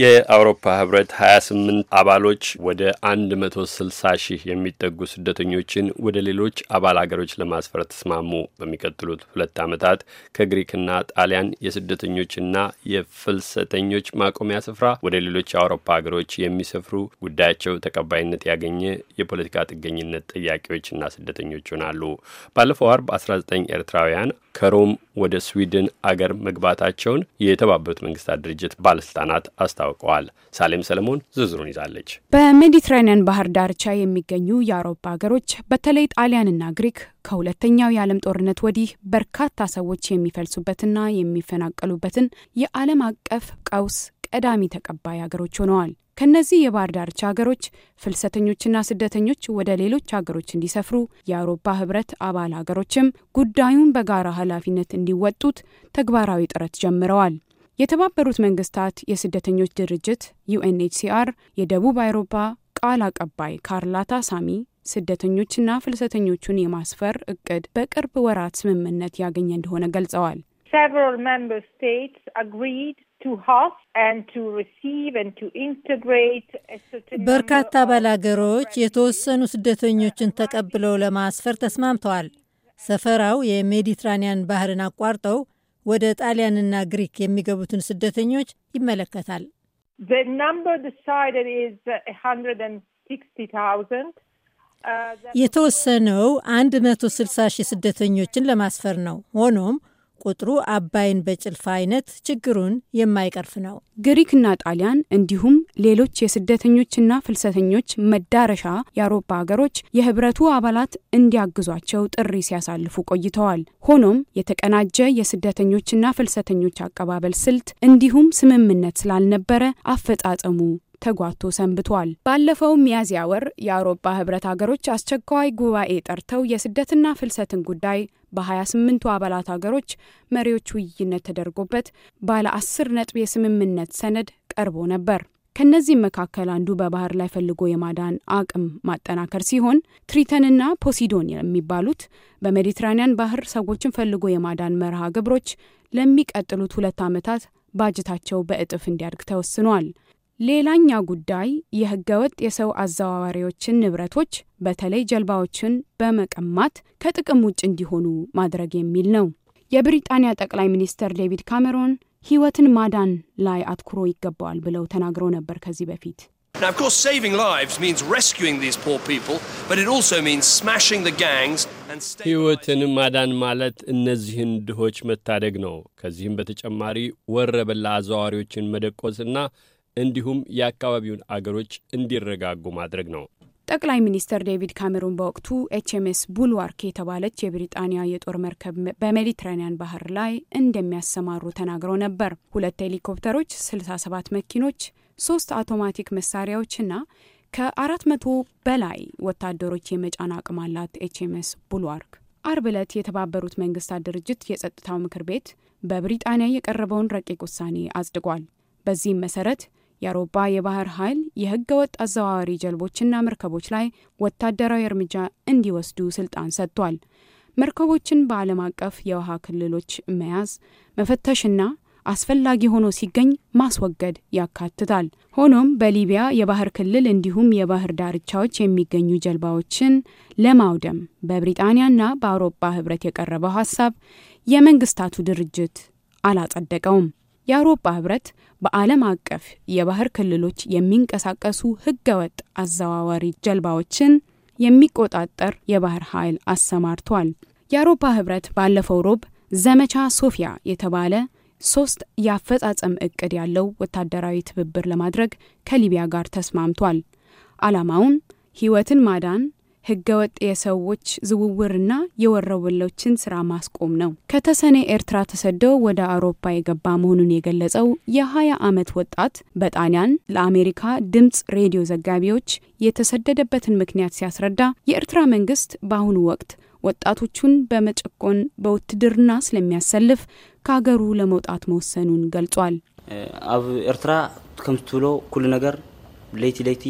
የአውሮፓ ህብረት 28 አባሎች ወደ 160 ሺህ የሚጠጉ ስደተኞችን ወደ ሌሎች አባል አገሮች ለማስፈር ተስማሙ። በሚቀጥሉት ሁለት ዓመታት ከግሪክና ጣሊያን የስደተኞችና የፍልሰተኞች ማቆሚያ ስፍራ ወደ ሌሎች የአውሮፓ ሀገሮች የሚሰፍሩ ጉዳያቸው ተቀባይነት ያገኘ የፖለቲካ ጥገኝነት ጠያቂዎችና ስደተኞች ይሆናሉ። ባለፈው አርብ 19 ኤርትራውያን ከሮም ወደ ስዊድን አገር መግባታቸውን የተባበሩት መንግስታት ድርጅት ባለስልጣናት አስታውቀዋል። ሳሌም ሰለሞን ዝርዝሩን ይዛለች። በሜዲትራኒያን ባህር ዳርቻ የሚገኙ የአውሮፓ ሀገሮች በተለይ ጣሊያንና ግሪክ ከሁለተኛው የዓለም ጦርነት ወዲህ በርካታ ሰዎች የሚፈልሱበትና የሚፈናቀሉበትን የዓለም አቀፍ ቀውስ ቀዳሚ ተቀባይ ሀገሮች ሆነዋል። ከእነዚህ የባህር ዳርቻ ሀገሮች ፍልሰተኞችና ስደተኞች ወደ ሌሎች ሀገሮች እንዲሰፍሩ የአውሮፓ ህብረት አባል ሀገሮችም ጉዳዩን በጋራ ኃላፊነት እንዲወጡት ተግባራዊ ጥረት ጀምረዋል። የተባበሩት መንግስታት የስደተኞች ድርጅት ዩኤንኤችሲአር የደቡብ አውሮፓ ቃል አቀባይ ካርላታ ሳሚ ስደተኞችና ፍልሰተኞቹን የማስፈር እቅድ በቅርብ ወራት ስምምነት ያገኘ እንደሆነ ገልጸዋል። በርካታ ባላገሮች የተወሰኑ ስደተኞችን ተቀብለው ለማስፈር ተስማምተዋል። ሰፈራው የሜዲትራኒያን ባህርን አቋርጠው ወደ ጣሊያንና ግሪክ የሚገቡትን ስደተኞች ይመለከታል። uh, የተወሰነው 160 ሺህ ስደተኞችን ለማስፈር ነው። ሆኖም ቁጥሩ አባይን በጭልፋ አይነት ችግሩን የማይቀርፍ ነው። ግሪክና ጣሊያን እንዲሁም ሌሎች የስደተኞችና ፍልሰተኞች መዳረሻ የአውሮፓ ሀገሮች የህብረቱ አባላት እንዲያግዟቸው ጥሪ ሲያሳልፉ ቆይተዋል። ሆኖም የተቀናጀ የስደተኞችና ፍልሰተኞች አቀባበል ስልት እንዲሁም ስምምነት ስላልነበረ አፈጻጸሙ ተጓቶ ሰንብቷል። ባለፈው ሚያዝያ ወር የአውሮፓ ህብረት ሀገሮች አስቸኳይ ጉባኤ ጠርተው የስደትና ፍልሰትን ጉዳይ በ28ቱ አባላት ሀገሮች መሪዎች ውይይነት ተደርጎበት ባለ አስር ነጥብ የስምምነት ሰነድ ቀርቦ ነበር። ከነዚህም መካከል አንዱ በባህር ላይ ፈልጎ የማዳን አቅም ማጠናከር ሲሆን ትሪተንና ፖሲዶን የሚባሉት በሜዲትራኒያን ባህር ሰዎችን ፈልጎ የማዳን መርሃ ግብሮች ለሚቀጥሉት ሁለት ዓመታት ባጀታቸው በእጥፍ እንዲያድግ ተወስኗል። ሌላኛ ጉዳይ የህገወጥ የሰው አዘዋዋሪዎችን ንብረቶች በተለይ ጀልባዎችን በመቀማት ከጥቅም ውጭ እንዲሆኑ ማድረግ የሚል ነው። የብሪጣንያ ጠቅላይ ሚኒስትር ዴቪድ ካሜሮን ህይወትን ማዳን ላይ አትኩሮ ይገባዋል ብለው ተናግረው ነበር ከዚህ በፊት። Now, ህይወትን ማዳን ማለት እነዚህን ድሆች መታደግ ነው። ከዚህም በተጨማሪ ወረበላ አዘዋዋሪዎችን መደቆስና እንዲሁም የአካባቢውን አገሮች እንዲረጋጉ ማድረግ ነው። ጠቅላይ ሚኒስትር ዴቪድ ካሜሩን በወቅቱ ኤችኤምኤስ ቡልዋርክ የተባለች የብሪጣንያ የጦር መርከብ በሜዲትራኒያን ባህር ላይ እንደሚያሰማሩ ተናግረው ነበር። ሁለት ሄሊኮፕተሮች፣ 67 መኪኖች፣ ሶስት አውቶማቲክ መሳሪያዎችና ከ መቶ በላይ ወታደሮች የመጫን አቅም አላት ኤችኤምኤስ ቡልዋርክ። አርብ ዕለት የተባበሩት መንግስታት ድርጅት የጸጥታው ምክር ቤት በብሪጣንያ የቀረበውን ረቂቅ ውሳኔ አጽድቋል። በዚህም መሰረት የአውሮፓ የባህር ኃይል የህገ ወጥ አዘዋዋሪ ጀልቦችና መርከቦች ላይ ወታደራዊ እርምጃ እንዲወስዱ ስልጣን ሰጥቷል። መርከቦችን በዓለም አቀፍ የውሃ ክልሎች መያዝ፣ መፈተሽና አስፈላጊ ሆኖ ሲገኝ ማስወገድ ያካትታል። ሆኖም በሊቢያ የባህር ክልል እንዲሁም የባህር ዳርቻዎች የሚገኙ ጀልባዎችን ለማውደም በብሪጣንያና በአውሮፓ ህብረት የቀረበው ሀሳብ የመንግስታቱ ድርጅት አላጸደቀውም። የአውሮፓ ህብረት በዓለም አቀፍ የባህር ክልሎች የሚንቀሳቀሱ ህገወጥ አዘዋዋሪ ጀልባዎችን የሚቆጣጠር የባህር ኃይል አሰማርቷል። የአውሮፓ ህብረት ባለፈው ሮብ ዘመቻ ሶፊያ የተባለ ሶስት የአፈጻጸም እቅድ ያለው ወታደራዊ ትብብር ለማድረግ ከሊቢያ ጋር ተስማምቷል። ዓላማውም ህይወትን ማዳን፣ ህገወጥ የሰዎች ዝውውርና የወሮበሎችን ስራ ማስቆም ነው። ከተሰኔ ኤርትራ ተሰደው ወደ አውሮፓ የገባ መሆኑን የገለጸው የ20 ዓመት ወጣት በጣሊያን ለአሜሪካ ድምፅ ሬዲዮ ዘጋቢዎች የተሰደደበትን ምክንያት ሲያስረዳ የኤርትራ መንግስት በአሁኑ ወቅት ወጣቶቹን በመጨቆን በውትድርና ስለሚያሰልፍ ከሀገሩ ለመውጣት መወሰኑን ገልጿል። ኣብ ኤርትራ ከምትብሎ ኩሉ ነገር ለይቲ ለይቲ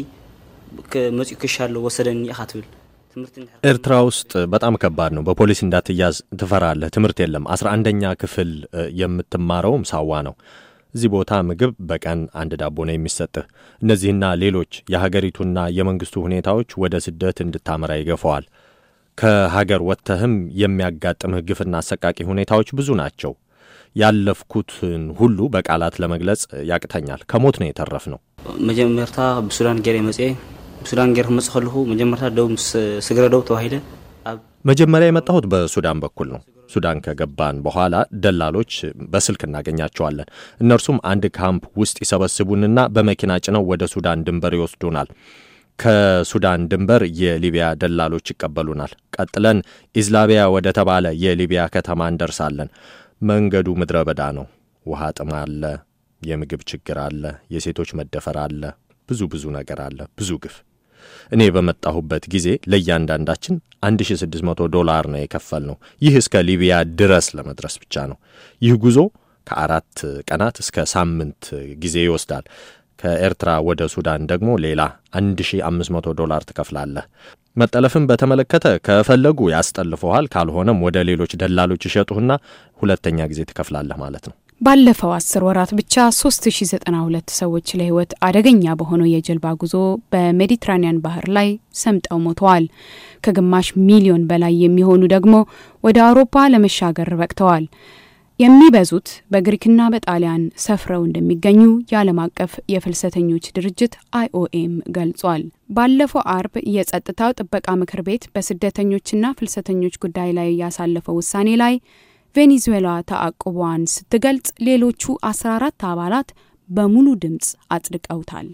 መፅኡ ክሻ ኣሎ ወሰደኒ ኢኻ ትብል ኤርትራ ውስጥ በጣም ከባድ ነው። በፖሊስ እንዳትያዝ ትፈራለህ። ትምህርት የለም። አስራ አንደኛ ክፍል የምትማረውም ሳዋ ነው። እዚህ ቦታ ምግብ በቀን አንድ ዳቦ ነው የሚሰጥህ። እነዚህና ሌሎች የሀገሪቱና የመንግስቱ ሁኔታዎች ወደ ስደት እንድታመራ ይገፈዋል። ከሀገር ወጥተህም የሚያጋጥምህ ግፍና አሰቃቂ ሁኔታዎች ብዙ ናቸው። ያለፍኩትን ሁሉ በቃላት ለመግለጽ ያቅተኛል። ከሞት ነው የተረፍ ነው መጀመርታ ብሱዳን ጌር መጽ ሱዳን ጌር ክመፅእ ከለኹ መጀመርታ ደው ምስ ስግረ ደው ተባሂለ መጀመሪያ የመጣሁት በሱዳን በኩል ነው። ሱዳን ከገባን በኋላ ደላሎች በስልክ እናገኛቸዋለን። እነርሱም አንድ ካምፕ ውስጥ ይሰበስቡንና በመኪና ጭነው ወደ ሱዳን ድንበር ይወስዱናል። ከሱዳን ድንበር የሊቢያ ደላሎች ይቀበሉናል። ቀጥለን ኢዝላቢያ ወደ ተባለ የሊቢያ ከተማ እንደርሳለን። መንገዱ ምድረ በዳ ነው። ውሃ ጥም አለ፣ የምግብ ችግር አለ፣ የሴቶች መደፈር አለ፣ ብዙ ብዙ ነገር አለ፣ ብዙ ግፍ እኔ በመጣሁበት ጊዜ ለእያንዳንዳችን 1600 ዶላር ነው የከፈል ነው። ይህ እስከ ሊቢያ ድረስ ለመድረስ ብቻ ነው። ይህ ጉዞ ከአራት ቀናት እስከ ሳምንት ጊዜ ይወስዳል። ከኤርትራ ወደ ሱዳን ደግሞ ሌላ 1500 ዶላር ትከፍላለህ። መጠለፍን በተመለከተ ከፈለጉ ያስጠልፈዋል፣ ካልሆነም ወደ ሌሎች ደላሎች ይሸጡህና ሁለተኛ ጊዜ ትከፍላለህ ማለት ነው። ባለፈው አስር ወራት ብቻ 3092 ሰዎች ለህይወት አደገኛ በሆነው የጀልባ ጉዞ በሜዲትራኒያን ባህር ላይ ሰምጠው ሞተዋል። ከግማሽ ሚሊዮን በላይ የሚሆኑ ደግሞ ወደ አውሮፓ ለመሻገር በቅተዋል። የሚበዙት በግሪክና በጣሊያን ሰፍረው እንደሚገኙ የዓለም አቀፍ የፍልሰተኞች ድርጅት አይኦኤም ገልጿል። ባለፈው አርብ የጸጥታው ጥበቃ ምክር ቤት በስደተኞችና ፍልሰተኞች ጉዳይ ላይ ያሳለፈው ውሳኔ ላይ ቬኔዙዌላ ተዓቅቧን ስትገልጽ ሌሎቹ 14 አባላት በሙሉ ድምፅ አጽድቀውታል።